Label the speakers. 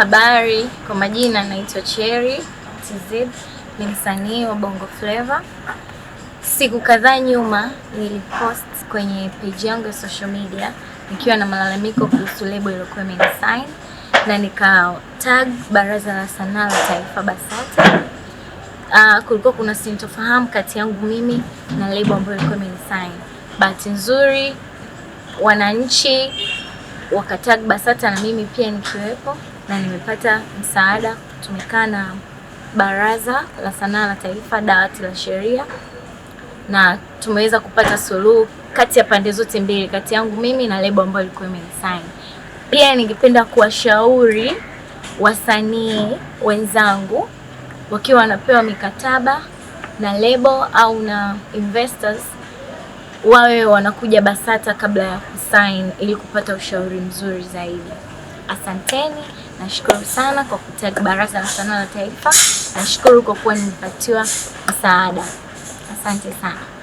Speaker 1: Habari, kwa majina naitwa Cherry TZ, ni msanii wa Bongo Flava. Siku kadhaa nyuma nilipost kwenye page yangu ya social media nikiwa na malalamiko kuhusu lebo iliyokuwa imenisign na nika tag Baraza la Sanaa la Taifa BASATA. Uh, kulikuwa kuna sintofahamu kati yangu mimi na lebo ambayo ilikuwa imenisign. Bahati nzuri wananchi wakatag BASATA na mimi pia nikiwepo, na nimepata msaada. Tumekaa na Baraza la Sanaa la Taifa, dawati la sheria, na tumeweza kupata suluhu kati ya pande zote mbili, kati yangu mimi na lebo ambayo ilikuwa imenisign. Pia ningependa kuwashauri wasanii wenzangu wakiwa wanapewa mikataba na lebo au na investors wawe wanakuja BASATA kabla ya kusain ili kupata ushauri mzuri zaidi. Asanteni, nashukuru sana kwa kutag Baraza la Sanaa la Taifa. Nashukuru kwa kuwa nilipatiwa msaada. Asante sana.